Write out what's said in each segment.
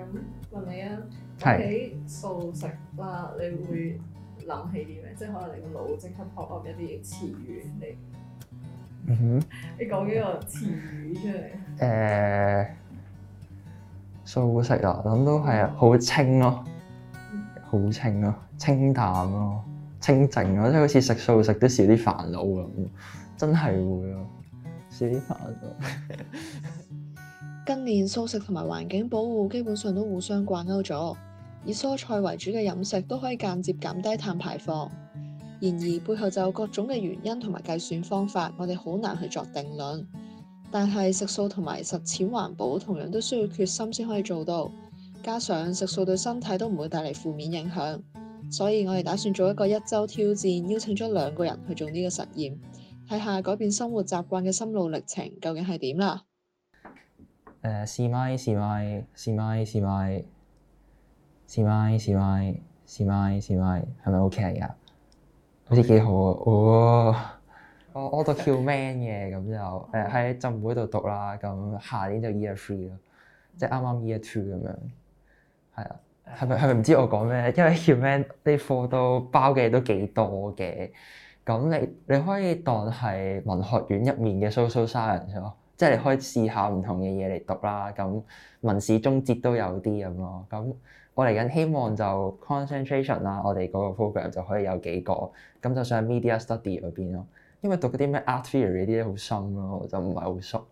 咁問你啊，喺素食啦，你會諗起啲咩？即係可能你個腦即刻託落一啲詞語你。嗯哼。你講幾個詞語出嚟？誒、嗯，素食啊，諗都係好清咯，好清咯，清淡咯，清淨咯，即係好似食素食都少啲煩惱咁，真係會咯，少啲煩惱。 近年素食同埋環境保護基本上都互相掛鈎咗，以蔬菜為主嘅飲食都可以間接減低碳排放。然而背後就有各種嘅原因同埋計算方法，我哋好難去作定論。但係食素同埋實踐環保同樣都需要決心先可以做到，加上食素對身體都唔會帶嚟負面影響，所以我哋打算做一個一週挑戰，邀請咗兩個人去做呢個實驗，睇下改變生活習慣嘅心路歷程究竟係點啦。誒試咪試咪試咪試咪試咪試咪試咪試咪試咪係咪 ok k 噶？ 好似幾好啊，哦，我我讀翹 man 嘅，咁就誒喺浸會度讀啦，咁下年就 year three 咯，即係啱啱 year two 咁樣，係啊，係咪係咪唔知我講咩。因為翹 man 啲課都包嘅，都幾多嘅，咁你你可以當係文學院入面嘅 social science 咯。即係你可以試下唔同嘅嘢嚟讀啦，咁文史中哲都有啲咁咯。咁我嚟緊希望就 concentration 啦，我哋嗰個 program 就可以有幾個。咁就算係 media study 嗰邊咯，因為讀嗰啲咩 art theory 啲好深咯，就唔係好熟。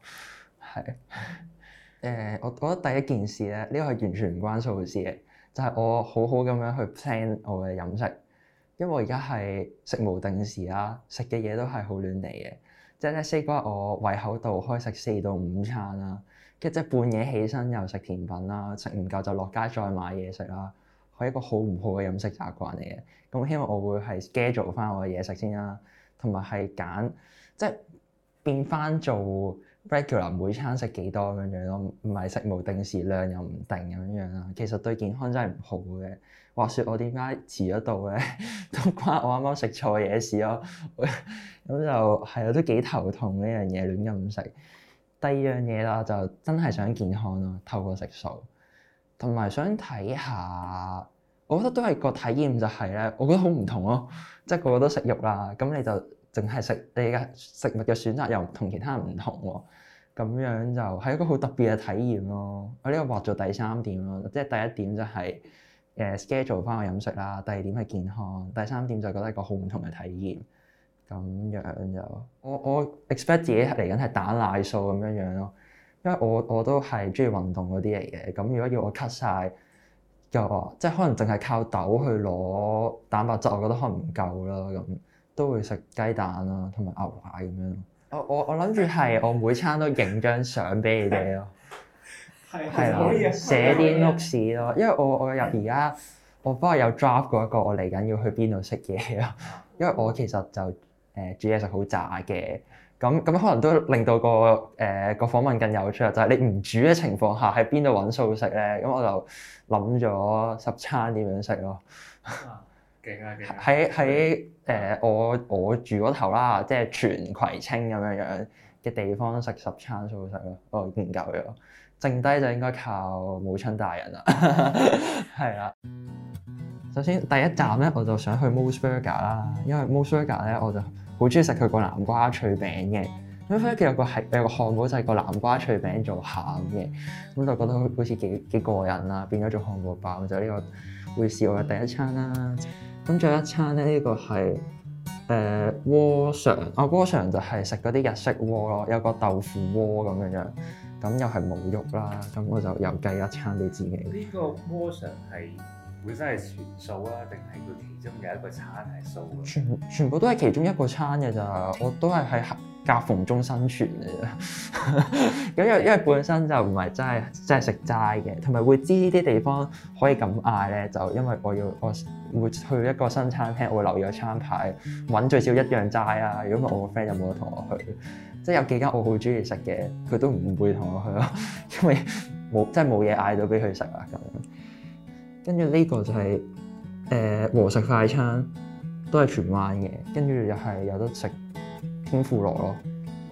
係。誒、 呃，我覺得第一件事咧，呢個係完全唔關數字嘅，就係、是、我好好咁樣去 plan 我嘅飲食，因為我而家係食無定時啦，食嘅嘢都係好亂嚟嘅。即係咧，西瓜我胃口度可以食四到五餐啦，跟住即係半夜起身又食甜品啦，食唔夠就落街再買嘢食啦，係一個好唔好嘅飲食習慣嚟嘅。咁希望我會係 schedule 翻我嘅嘢食先啦，同埋係揀即係變翻做 regular，每餐食幾多咁樣樣咯，唔係食無定時量又唔定咁樣樣啦。其實對健康真係唔好嘅。話說我點解遲咗到咧？ 都關我啱啱食錯嘢事咯。咁 就係啊，都幾頭痛呢樣嘢亂咁食。第二樣嘢啦，就真係想健康咯，透過食素。同埋想睇下，我覺得都係個體驗就係咧，我覺得好唔同咯。即係個個都食肉啦，咁你就淨係食你嘅食物嘅選擇又同其他人唔同喎。咁樣就係一個好特別嘅體驗咯。我呢個畫咗第三點咯，即係第一點就係、是。誒、uh, schedule 翻個飲食啦，第二點係健康，第三點就係覺得一個好唔同嘅體驗，咁樣就我我 expect 自己嚟緊係蛋奶素咁樣樣咯，因為我我都係中意運動嗰啲嚟嘅，咁如果要我 cut 晒，就話，即係可能淨係靠豆去攞蛋白質，我覺得可能唔夠啦，咁都會食雞蛋啦、啊，同埋牛奶咁樣。我我我諗住係我每餐都影張相俾你哋咯。 係啦，寫啲 note 咯， 因為我我入而家，我不過有 job 嗰一個，我嚟緊要去邊度食嘢咯。因為我其實就誒、呃、煮嘢食好渣嘅，咁咁可能都令到個誒個、呃、訪問更有趣啊！就係、是、你唔煮嘅情況下，喺邊度揾素食咧？咁我就諗咗十餐點樣食咯。勁啊！勁！喺喺誒我我住嗰頭啦，即係全葵青咁樣樣嘅地方食十餐素食咯，我唔夠咗。剩低就應該靠母親大人啦，係 啦。首先第一站咧，我就想去 MOS Burger 啦，因為 MOS Burger 咧，我就好中意食佢個南瓜脆餅嘅。咁佢有個係有個漢堡就係個南瓜脆餅做餡嘅，咁就覺得好似幾幾過癮啦，變咗做漢堡包就呢個會係我嘅第一餐啦。咁仲有一餐咧，呢、呢個係誒鍋常啊，鍋常就係食嗰啲日式鍋咯，有個豆腐鍋咁樣，咁又係冇喐啦，咁我就又計一餐俾自己。呢個 option 係本身係全素啊，定係佢其中嘅一個餐係素？全全部都係其中一個餐嘅咋，我都係喺夾縫中生存嚟嘅。咁 因為因為本身就唔係真係真係食齋嘅，同埋會知啲地方可以咁嗌咧，就因為我要我會去一個新餐廳，我會留意個餐牌，揾最少一樣齋啊。如果我個 friend 有冇得同我去。即係有幾間我好中意食嘅，佢都唔會同我去咯，因為冇即係冇嘢嗌到俾佢食啊咁樣。跟住呢個就係誒呃和食快餐，都係荃灣嘅。跟住又係有得食天婦羅咯，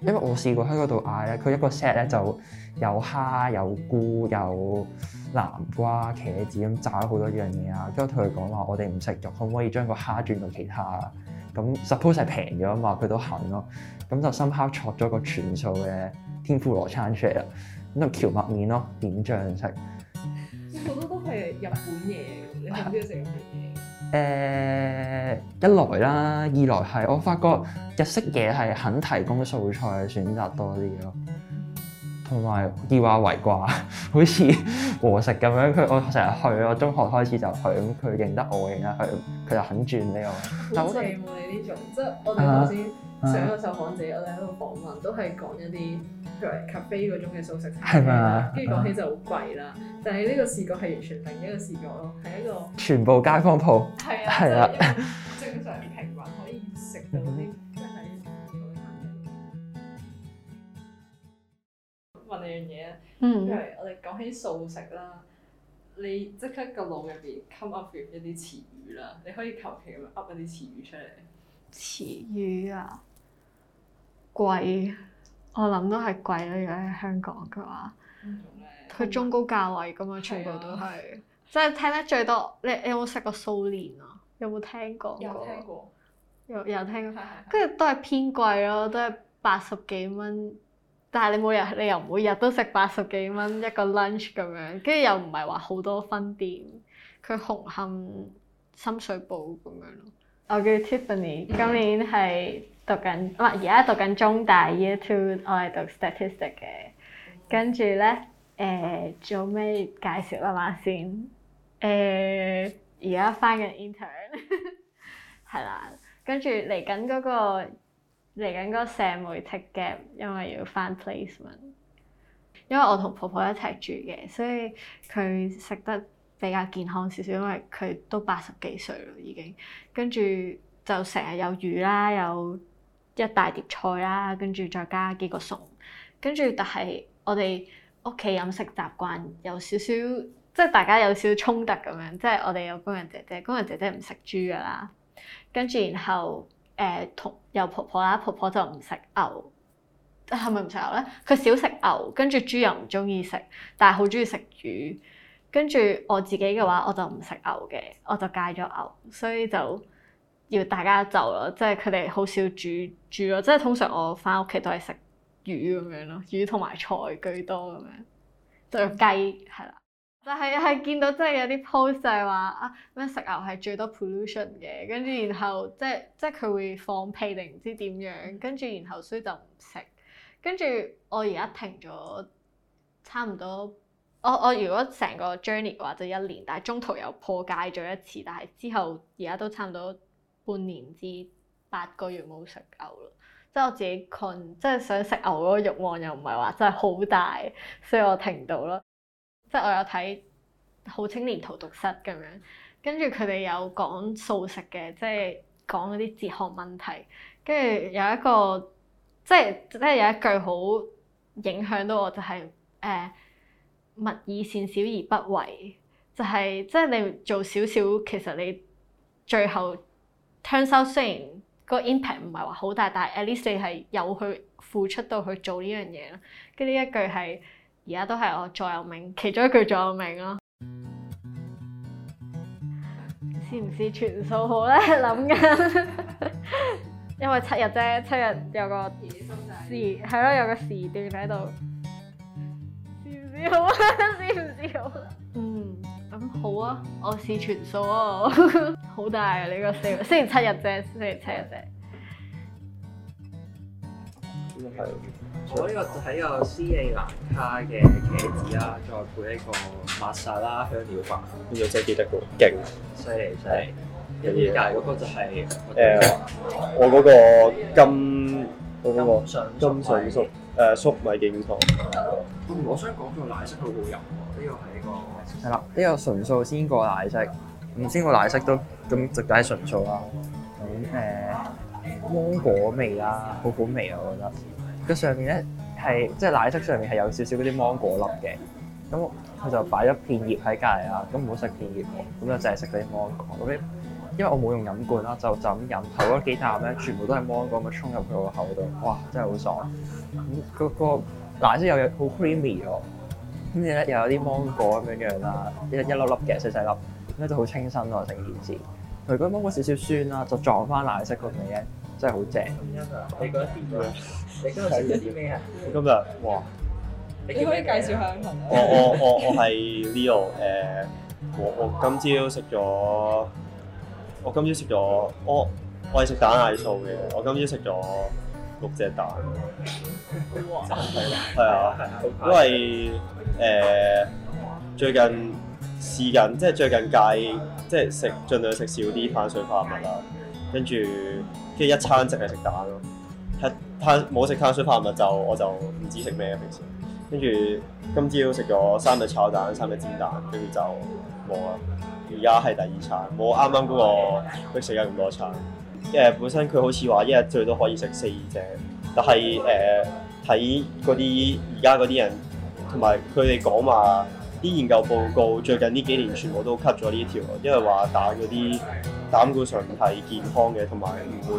因為我試過喺嗰度嗌咧，佢一個 set 咧就有蝦、有菇、有南瓜、茄子咁炸咗好多樣嘢啊。跟住同佢講話，我哋唔食肉，可唔可以將個蝦轉到其他啊？咁 suppose 係平咗啊嘛，佢都肯咯，咁就心口錯咗個全數嘅天婦羅餐出嚟啦，咁就蕎麥麵咯，點醬食。好多都係日本嘢嘅，你係唔中意食日本嘢嘅？誒，一來啦，二來係我發覺日式嘢係肯提供素菜嘅選擇多啲咯。同埋啲話圍掛，好似和食咁樣。佢我成日去我中學開始就去。咁佢認得我，我認得佢佢就肯轉俾我像你喎。好正喎！你呢種，即係我哋頭先上一個受訪者，我哋喺度訪問，啊啊、都係講一啲作為 cafe 嗰種嘅素食餐廳啦。係咪？嗎。跟住講起就好貴啦。啊、但係呢個視角係完全另一個視角咯，係一個全部街坊鋪。係啊，係啊，正常平民可以食到呢。 問你樣嘢，嗯、因為我哋講起素食啦，你即刻個腦入邊 come up with 一啲詞語啦，你可以求其咁 up 一啲詞語出嚟。詞語啊，貴，我諗都係貴啦，如果喺香港嘅話，佢中高價位噶嘛，全部都係。啊、即係聽得最多，你，你有冇食過素蓮啊？有冇聽講過，有聽過有有？有聽過，有有聽過，跟住都係偏貴咯，都係八十幾蚊。但係你每日你又每日都食八十幾蚊一個 lunch 咁樣，跟住又唔係話好多分店，佢紅磡深水埗咁樣咯。我叫 Tiffany，今年係讀緊，唔係而家讀緊中大 year two，我係讀 statistic 嘅。跟住咧，誒、呃、做咩介紹啊嘛先？誒而家翻緊 intern，係啦，跟住嚟緊嗰個。嚟緊嗰個社媒 take gap，因為要返 placement。因為我同婆婆一齊住嘅，所以佢食得比較健康少少，因為佢都八十幾歲咯已經。跟住就成日有魚啦，有一大碟菜啦，跟住再加幾個餸。跟住但係我哋屋企飲食習慣有少少，即係大家有少少衝突咁樣。即係我哋有工人姐姐，工人姐姐唔食豬噶啦。跟住然後。誒同、呃、有婆婆啦，婆婆就唔食牛，係咪唔食牛咧？佢少食牛，跟住豬又唔中意食，但係好中意食魚。跟住我自己嘅話，我就唔食牛嘅，我就戒咗牛，所以就要大家就咯，即係佢哋好少煮煮咯。即係通常我返屋企都係食魚咁樣咯，魚同埋菜居多咁樣，就雞係啦。但係係見到真係有啲 post 就係話啊咩食牛係最多 pollution 嘅，跟住然後即即佢會放屁定唔知點樣，跟住然後所以就唔食。跟住我而家停咗差唔多，我我如果成個 journey 嘅話就一年，但係中途又破戒咗一次，但係之後而家都差唔多半年至八個月冇食牛啦。即係我自己困，即係想食牛嗰個慾望又唔係話真係好大，所以我停到啦。即係我有睇《好青年荼毒室》咁樣，跟住佢哋有講素食嘅，即係講嗰啲哲學問題。跟住有一個，即係即係有一句好影響到我，就係、是、誒、呃、勿以善小而不為，就係、是、即係你做少少，其實你最後 turns out 雖然個 impact 唔係話好大，但係 at least 你係有去付出到去做呢樣嘢啦。跟住呢一句係。而家都係我座右銘，其中一句座右銘咯。試唔、嗯、試全數好咧？諗緊，因為七日啫，七日有個時，係咯有個時段喺度。試唔試好啊、嗯、試唔試好啊、嗯？嗯，咁好啊，我試全數啊，好大啊！你、這個笑，星期 七日啫，星期七日啫。七七日我呢、哦，這個就一個斯里蘭卡嘅茄子啦，再配一個抹莎啦香料飯，呢個真係幾得意，勁犀利真係。跟住隔籬嗰個就係、是、誒、呃、我嗰個金金薯金水粟誒粟米勁多、嗯哦。我想講、這個奶色好好飲喎，呢、這個係一個係啦，呢、這個純素先過奶色，唔先過奶色都咁直接係純素啦。咁誒芒果味啦，好好味啊，我覺得。個上面咧係即係奶昔上面係有少少嗰啲芒果粒嘅，咁佢就擺一片葉喺隔離啊，咁唔好食片葉喎，咁就淨係食嗰啲芒果嗰啲，因為我冇用飲罐啦，就就咁飲，頭嗰幾啖咧全部都係芒果，咁衝入佢個口度，哇真係好爽！咁、嗰個奶昔又有好 creamy 喎，跟住咧又有啲芒果咁樣樣啦，一一粒粒嘅細細粒，咁咧就好清新咯成件事，佢嗰芒果少少酸啦，就撞翻奶昔嗰味嘅。真係好正！你覺得點啊？你今日食咗啲咩啊？今日哇！你可以介紹下？我我我我係 Leo 誒，我我今朝食咗，我今朝食咗我我係食蛋奶素嘅，我今朝食咗六隻蛋。係啊哇，因為誒、呃、最近試緊，即係最近戒，即係食盡量食少啲碳水化合物啦。跟住，跟住一餐淨係食蛋咯，餐冇食碳水化物就我就唔知食咩嘅平時。跟住今朝食咗三隻炒蛋，三隻煎蛋，跟住就冇啦。而家係第二餐，冇啱啱嗰個都食咗咁多餐，因為本身佢好似話一日最多可以食四隻，但係誒睇嗰啲而家嗰啲人同埋佢哋講話。啲研究報告最近呢幾年全部都 cut 咗呢條，因為話蛋嗰啲膽固醇係健康嘅，同埋唔會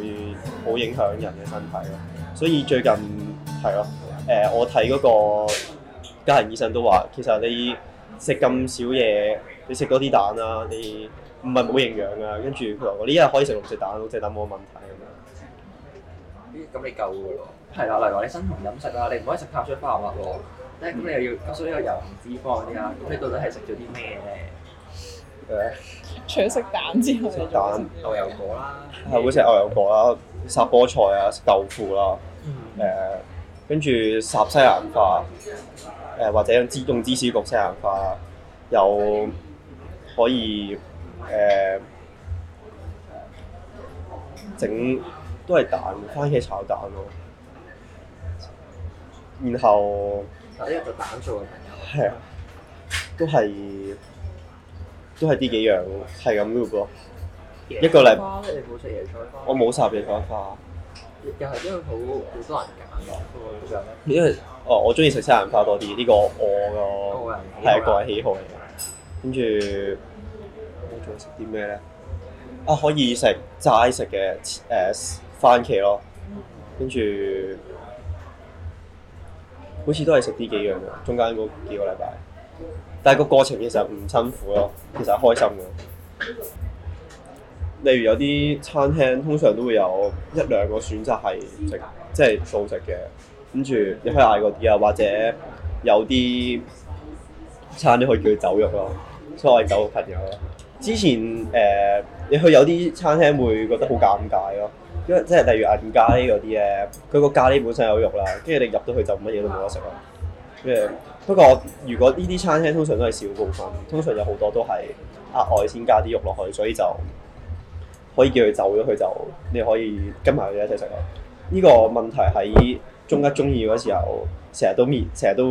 好影響人嘅身體咯。所以最近係咯，誒、呃、我睇嗰個家庭醫生都話，其實你食咁少嘢，你食多啲蛋啦、啊，你唔係冇營養啊。跟住佢話我呢日可以食六隻蛋，六隻蛋冇問題咁樣。咦？咁你夠㗎咯？係啦，例如話你均衡飲食啊，你唔可以食碳水化合物喎。咁，嗯嗯、你又要減少呢個油同脂肪嗰啲啦。咁你到底係食咗啲咩咧？誒、呃，除咗食蛋之外，食蛋牛油果啦，係、 啊、會食牛油果啦，烚菠菜啊，食豆腐啦，誒、嗯，跟住烚西蘭花，誒、呃、或者用芝用芝士焗西蘭花，又可以誒整、呃、都係蛋，番茄炒蛋咯，然後。第一日蛋做嘅朋友，係啊，都係都係呢幾樣咯，係咁嘅喎。一個禮，你冇食野菜花，我冇食野菜花。又係因為好好多人揀嘅，因為、這個、哦，我中意食西蘭花多啲，呢、這個我個係個人喜好嚟嘅。跟住我仲食啲咩咧？啊，可以食齋食嘅誒番茄咯，跟住。好似都係食呢幾樣中間嗰幾個禮拜。但係個過程其實唔辛苦咯，其實開心嘅。例如有啲餐廳通常都會有一兩個選擇係食，即係素食嘅，跟住你可以嗌嗰啲啊，或者有啲餐都可以叫走肉咯，所謂走肉朋友。之前誒、呃，你去有啲餐廳會覺得好尷尬咯。即係例如銀咖喱嗰啲咧，佢個咖喱本身有肉啦，跟住你入到去就乜嘢都冇得食咯。咩？不過如果呢啲餐廳通常都係少部分，通常有好多都係額外先加啲肉落去，所以就可以叫佢走咗，佢就你可以跟埋佢哋一齊食咯。呢、這個問題喺中一中二嗰時候成日都面，成日都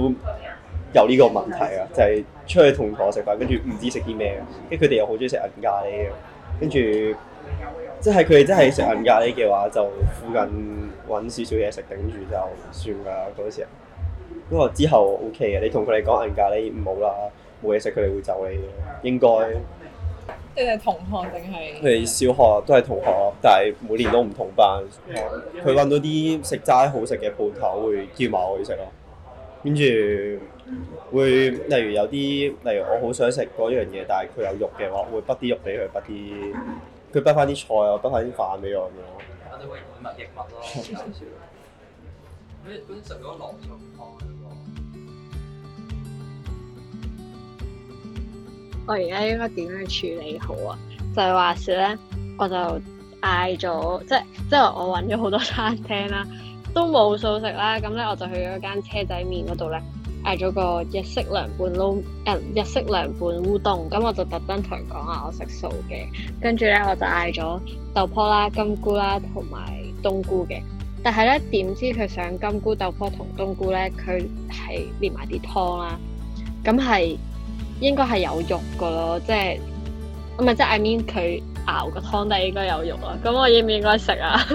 有呢個問題啊！就係、是、出去同同學食飯，跟住唔知食啲咩，跟住佢哋又好中意食銀咖喱，跟住。即係佢哋真係食銀咖喱嘅話，就附近揾少少嘢食頂住就算㗎嗰時候。不過之後 OK 嘅，你同佢哋講銀咖喱唔好啦，冇嘢食佢哋會走你嘅，應該。即係同學定係？佢哋小學都係同學，但係每年都唔同班。佢揾到啲食齋好食嘅鋪頭，會叫埋我去食咯。跟住會例如有啲例如我好想食嗰樣嘢，但係佢有肉嘅話，會畢啲肉俾佢畢啲。佢得翻啲菜啊，得翻啲飯俾我咁樣。 我哋會飲物、食物咯。嗰啲嗰啲食咗濃縮湯嗰個。我而家應該點樣處理好啊？就係、是、話說咧，我就嗌咗，即即我揾咗好多餐廳啦，都冇素食啦。咁咧，我就去咗間車仔麵嗰度咧。嗌咗個日式涼拌撈，日、呃、日式涼拌烏冬，咁我就特登同佢講啊，我食素嘅。跟住咧，我就嗌咗豆泡啦、金菇啦同埋冬菇嘅。但係咧，點知佢上金菇豆泡同冬菇咧，佢係連埋啲湯啦。咁係應該係有肉㗎咯，即係咪即係？I mean，佢熬個湯底應該有肉咯。咁我應唔應該食啊？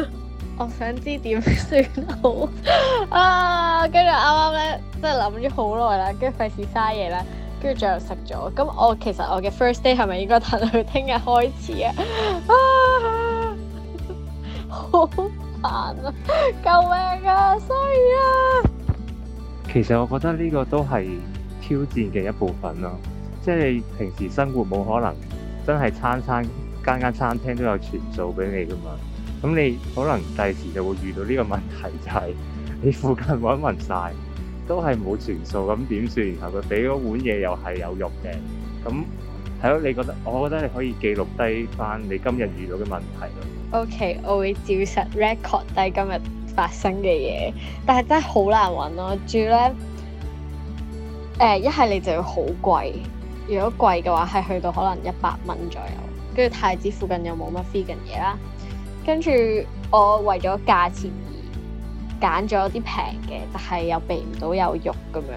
我想知點算好啊！跟住啱啱咧，即係諗咗好耐啦，跟住費事嘥嘢啦，跟住最後食咗。咁我其實我嘅 first day 係咪應該等佢聽日開始啊？啊，好煩啊！救命啊！sorry 啊！其實我覺得呢個都係挑戰嘅一部分咯，即係平時生活冇可能真係餐餐間間餐廳都有全做俾你噶嘛。咁你可能第時就會遇到呢個問題，就係、是、你附近揾揾晒，都係冇全素，咁點算？然後佢俾嗰碗嘢又係有肉嘅，咁係咯。你覺得我覺得你可以記錄低翻你今日遇到嘅問題咯。O、okay, K，我會照實 record 低今日發生嘅嘢，但係真係好難揾咯、啊。住咧誒，一、呃、係你就要好貴，如果貴嘅話，係去到可能一百蚊左右。跟住太子附近又冇乜 vegan 嘢啦。跟住我為咗價錢而揀咗啲平嘅，但係又避唔到有肉咁樣。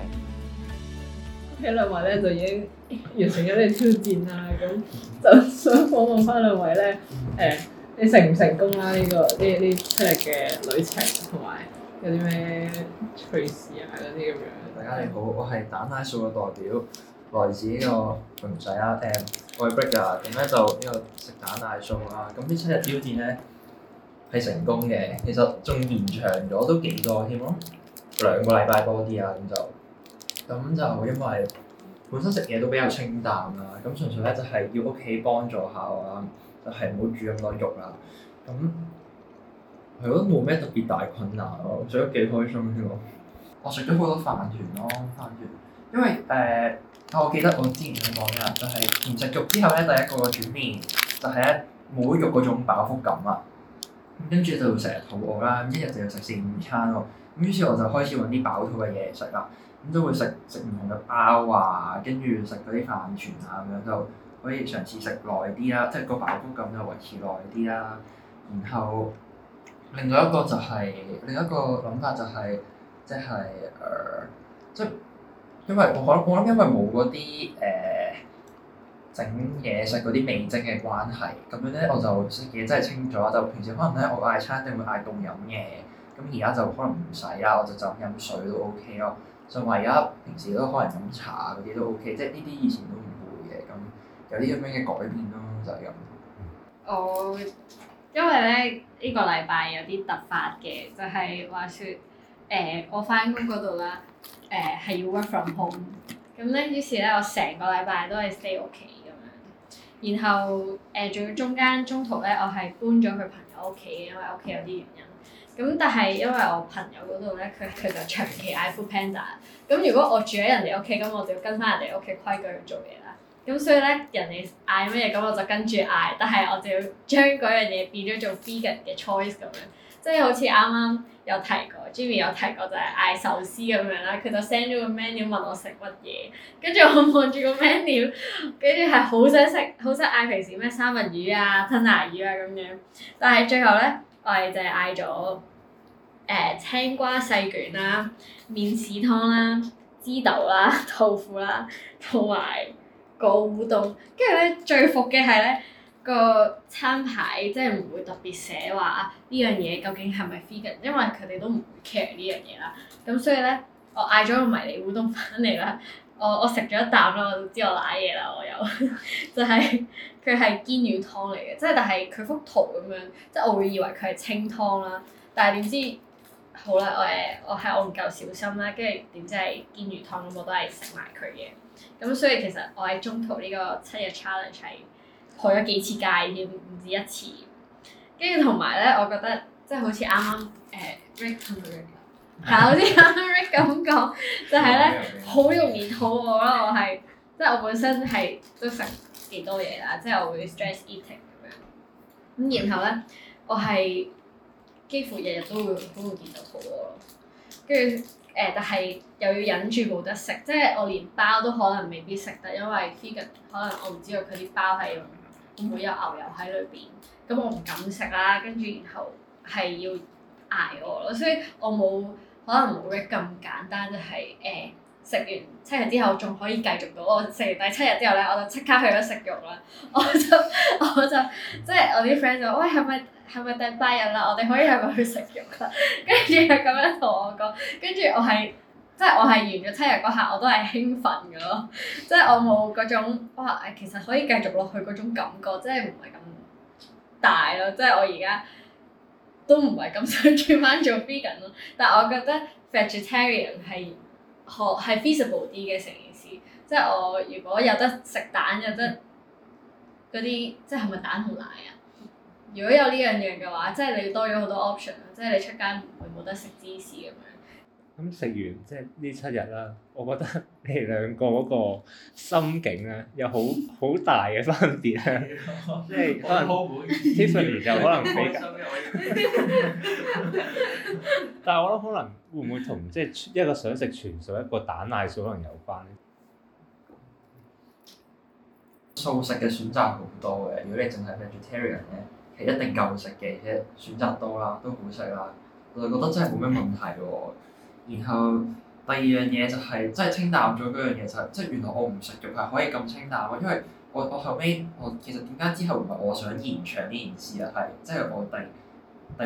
呢、okay, 兩位咧就已經完成咗呢個挑戰啦，咁就想訪問翻兩位咧，誒、欸，你成唔成功啦、啊？呢、這個呢啲七日嘅旅程同埋有啲咩趣事啊？嗰啲咁樣。大家你好，我係蛋奶素嘅代表，來自呢、這個 b r 啊，誒， 愛碧啊，咁咧就呢、這個食蛋奶素啊，咁呢七日挑戰咧。 係成功嘅，其實仲延長咗都幾多添咯，兩個禮拜多啲啊，咁就咁就因為本身食嘢都比較清淡啦，咁純粹咧就係要屋企幫助下啊，就係唔好煮咁多肉啦，咁係我都冇咩特別大困難咯，食得幾開心添咯，我食咗好多飯團咯，飯團，因為誒、呃、我記得我之前有講嘅就係唔食肉之後咧，第一個轉變就係一冇肉嗰種飽腹感啊。跟住就會成日肚餓啦，咁一日就要食四五餐咯。咁於是我就開始揾啲飽肚嘅嘢食啦。咁都會食食唔同嘅包啊，跟住食嗰啲飯糰啊，咁樣就可以嘗試食耐啲啦，即係個飽腹感就維持耐啲啦。然後另外一個就係、是、另一個諗法就係即係誒，即係、呃、因為我我諗因為冇嗰啲誒。呃整嘢食嗰啲味精嘅關係，咁樣咧我就食嘢真係清楚。就平時可能咧我嗌餐一定會嗌凍飲嘅，咁而家就可能唔使啦，我就就咁飲水都 O K 咯。就唯一平時都可能飲茶嗰啲都 O K，即係呢啲以前都唔會嘅，咁有啲咁樣嘅改變咯、啊，就係、是、咁。我、oh，因為咧呢、呢個禮拜有啲突發嘅，就係、是、話説誒、呃、我翻工嗰度啦，誒、呃、係要 work from home，咁咧於是咧我成個禮拜都係 stay 屋企。然後誒仲要中間中途咧，我係搬咗佢朋友屋企嘅，因為屋企有啲原因。咁但係因為我朋友嗰度咧，佢佢就長期嗌 Food Panda。咁如果我住喺人哋屋企，咁我就要跟翻人哋屋企規矩去做嘢啦。咁所以咧，人哋嗌咩嘢，咁我就跟住嗌。但係我就要將嗰樣嘢變咗做 vegan 嘅 choice 咁樣。即係好似啱啱有提過，Jimmy 有提過就係嗌壽司咁樣啦，佢就 send 咗個 menu 問我食乜嘢，跟住我望住個 menu，跟住係好想食，好想嗌平時咩三文魚啊、吞拿魚啊咁樣，但係最後咧，我哋就係嗌咗誒青瓜細卷啦、麵豉湯啦、枝豆啦、啊、豆腐啦、啊，同埋個烏冬，跟住咧最服嘅係咧。個餐牌即係唔會特別寫話呢樣嘢究竟係咪 vegan 因為佢哋都唔會 care 呢樣嘢啦。咁所以咧，我嗌咗個迷你烏冬翻嚟啦。我我食咗一啖啦，我就知道我賴嘢啦。我又 就係佢係鰹魚湯嚟嘅，即係但係佢幅圖咁樣，即係我會以為佢係清湯啦。但係點知好啦，我誒我係我唔夠小心啦，跟住點知係鰹魚湯咁，我都係食埋佢嘅。咁所以其實我喺中途呢個七日 challenge 係。破咗幾次戒添，唔止一次。跟住同埋咧，我覺得即係好似啱啱誒 Rick 講，但係好似啱啱 Rick 講，就係咧好容易肚餓咯。我係、嗯、即係我本身係都食幾多嘢啦，即係我會 stress eating 咁樣。咁然後咧，我係幾乎日日都會都會見到肚餓咯。跟住誒，但係又要忍住冇得食，即係我連包都可能未必食得，因為 figure 可能我唔知道佢啲包係用。我冇有牛油喺裏邊，咁我唔敢食啦。跟住然後係要挨餓咯，所以我冇可能冇嘅咁簡單，就係誒食完七日之後仲可以繼續到。我食完第七日之後咧，我就即刻去咗食肉啦。我就我就即係、就是、我啲 friend 就喂，係咪係咪第八日啦？我哋可以係咪去食肉啦？ 跟住係咁樣同我講，跟住我係。即係我係完咗七日嗰刻，我都係興奮嘅咯。即係我冇嗰種，哇！其實可以繼續落去嗰種感覺，即係唔係咁大咯。即係我而家都唔係咁想轉翻做，做 vegan 咯。但係我覺得 vegetarian 係可係 feasible 啲嘅成件事。即係我如果有得食蛋，有得嗰啲，即係係咪蛋同奶啊？如果有呢兩樣嘢嘅話，即係你多咗好多 option。即係你出街唔會冇得食芝士咁樣。咁食完即係呢七日啦，我覺得你哋兩個嗰個心境啊，有好好大嘅分別啊，即係 可能 Tiffany 就可能比較， 但係我諗可能會唔會同即係一個想食全素，一個蛋奶素可能有關？素食嘅選擇好多嘅，如果你淨係 vegetarian 咧，其實一定夠食嘅，而且選擇多啦，都好食啦，我就覺得真係冇咩問題喎。然後第二樣嘢就係真係清淡咗嗰樣嘢就係、是、即係原來我唔食肉係可以咁清淡嘅。因為我我後尾，我其實點解之後唔係我想延長呢件事啊係即係我第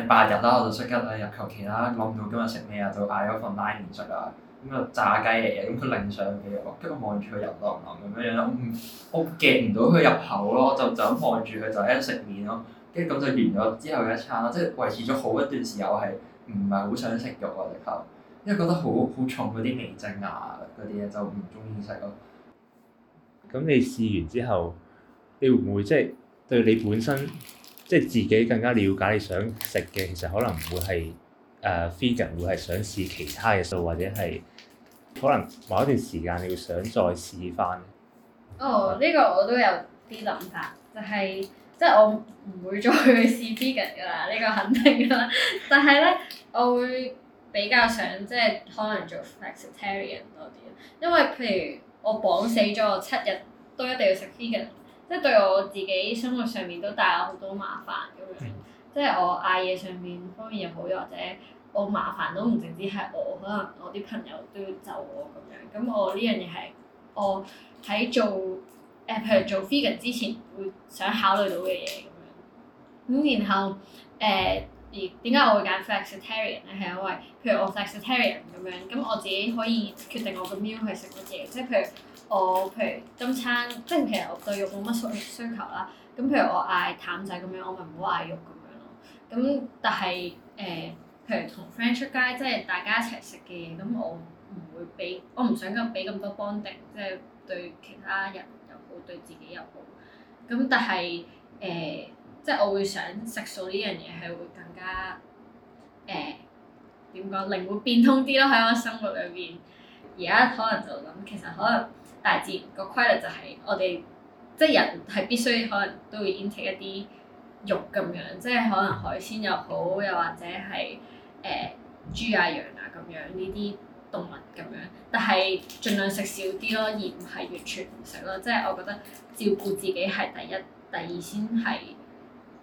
第八日啦我，我，我，我，我，我就出街啦，入求其啦，諗唔到今日食咩啊，就嗌咗份拉麪食啊，咁啊炸雞嚟嘅咁，佢零上嘅，跟住我望住佢入落嚟咁樣樣我唔我 get 唔到佢入口咯，就就咁望住佢就喺度食麵咯，跟住咁就完咗之後嘅一餐咯，即係維持咗好一段時間我係唔係好想食肉啊直頭。因為覺得好好重嗰啲味精啊嗰啲嘢就唔中意食咯。咁你試完之後，你會唔會即係對你本身即係、就是、自己更加了解？你想食嘅其實可能唔會係誒 vegan 會係想試其他嘅，就或者係可能某一段時間你會想再試翻。哦，呢、這個我都有啲諗法，就係即係我唔會再去試 vegan 噶啦，呢、這個肯定噶啦。但係咧，我會。比較想即係可能做 flexitarian 多啲因為譬如我綁死咗我七日都一定要食 vegan 即係對我自己生活上面都帶來好多麻煩咁樣，即係我嗌嘢上面方面又好，或者我麻煩都唔淨止係我，可能我啲朋友都要就我咁樣，咁我呢樣嘢係我喺做誒譬如做 vegan 之前會想考慮到嘅嘢咁樣，咁然後誒。呃而點解我會揀 flexitarian 咧？係因為譬如我 flexitarian 咁樣，咁我自己可以決定我個 meal 係食乜嘢，即係譬如我譬如今餐，即係其實我對肉冇乜需需求啦。咁譬如我嗌淡仔咁樣，我咪唔好嗌肉咁樣咯。咁但係誒、呃，譬如同 friend 出街，即係大家一齊食嘅嘢，咁我唔會俾，我唔想咁俾咁多幫敵，即係對其他人又好，對自己又好。咁但係誒。呃即係我會想食素呢樣嘢係會更加誒，點講，靈活變通啲咯，喺我生活裏邊。而家可能就諗其實可能大自然個規律就係我哋即係人係必須可能都會 intake 一啲肉咁樣，即係可能海鮮又好，又或者係誒，豬啊羊啊咁樣呢啲動物咁樣，但係儘量食少啲咯，而唔係完全唔食咯。即係我覺得照顧自己係第一、第二先係。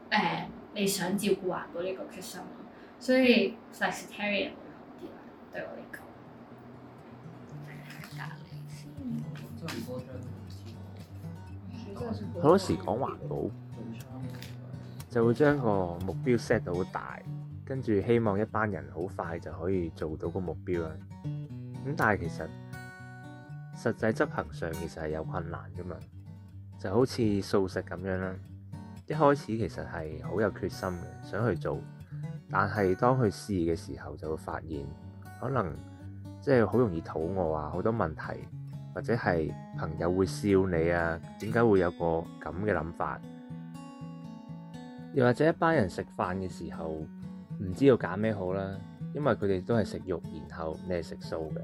誒、嗯，你想照顧環保呢個決心咯，所以素食主義人會好啲啦，對我嚟講。好、嗯、 多時講環保就會將個目標 set 到好大，跟住希望一班人好快就可以做到個目標啦。咁但係其實實際執行上其實係有困難㗎嘛，就好似素食咁樣啦。一開始其實係好有決心嘅，想去做。但係當去試嘅時候，就會發現可能即係好容易肚餓啊，好多問題，或者係朋友會笑你啊。點解會有個咁嘅諗法？又或者一班人食飯嘅時候唔知道揀咩好啦，因為佢哋都係食肉，然後你係食素嘅。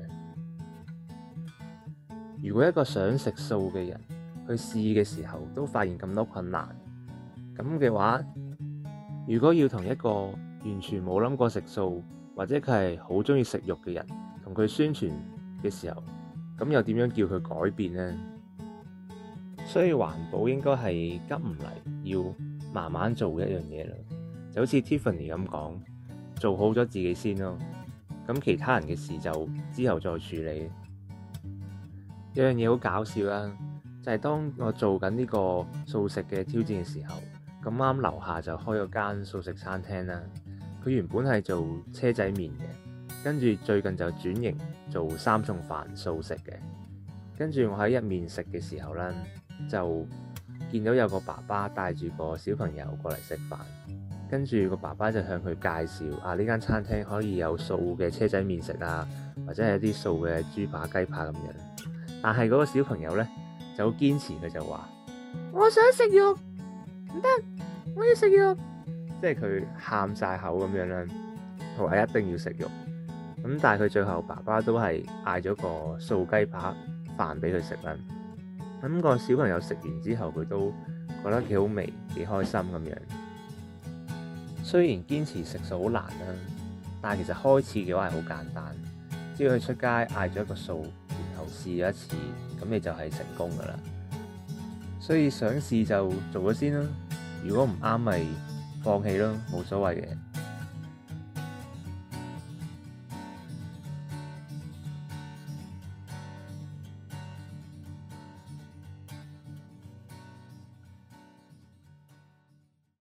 如果一個想食素嘅人去試嘅時候，都發現咁多困難。咁嘅話，如果要同一個完全冇諗過食素，或者佢係好鍾意食肉嘅人，同佢宣傳嘅時候，咁又點樣叫佢改變呢？所以環保應該係急唔嚟，要慢慢做一樣嘢啦。就好似 Tiffany 咁講，做好咗自己先咯。咁其他人嘅事就之後再處理。有樣嘢好搞笑呀，就係、是、當我做緊呢個素食嘅挑戰嘅時候。咁啱樓下就開咗間素食餐廳啦，佢原本係做車仔麵嘅，跟住最近就轉型做三餸飯素食嘅。跟住我喺入面食嘅時候咧，就見到有個爸爸帶住個小朋友過嚟食飯，跟住個爸爸就向佢介紹啊，呢間餐廳可以有素嘅車仔麵食啊，或者係一啲素嘅豬扒雞扒咁樣。但係嗰個小朋友呢，就好堅持，佢就話：我想食肉。唔得，我要食肉。即係佢喊晒口咁樣啦，同埋一定要食肉。咁但係佢最後爸爸都係嗌咗個素雞扒飯俾佢食啦。咁個小朋友食完之後，佢都覺得幾好味，幾開心咁樣。雖然堅持食素好難啦，但係其實開始嘅話係好簡單，只要佢出街嗌咗一個素，然後試咗一次，咁你就係成功噶啦。所以想試就做咗先啦。如果唔啱咪放棄咯，冇所謂嘅。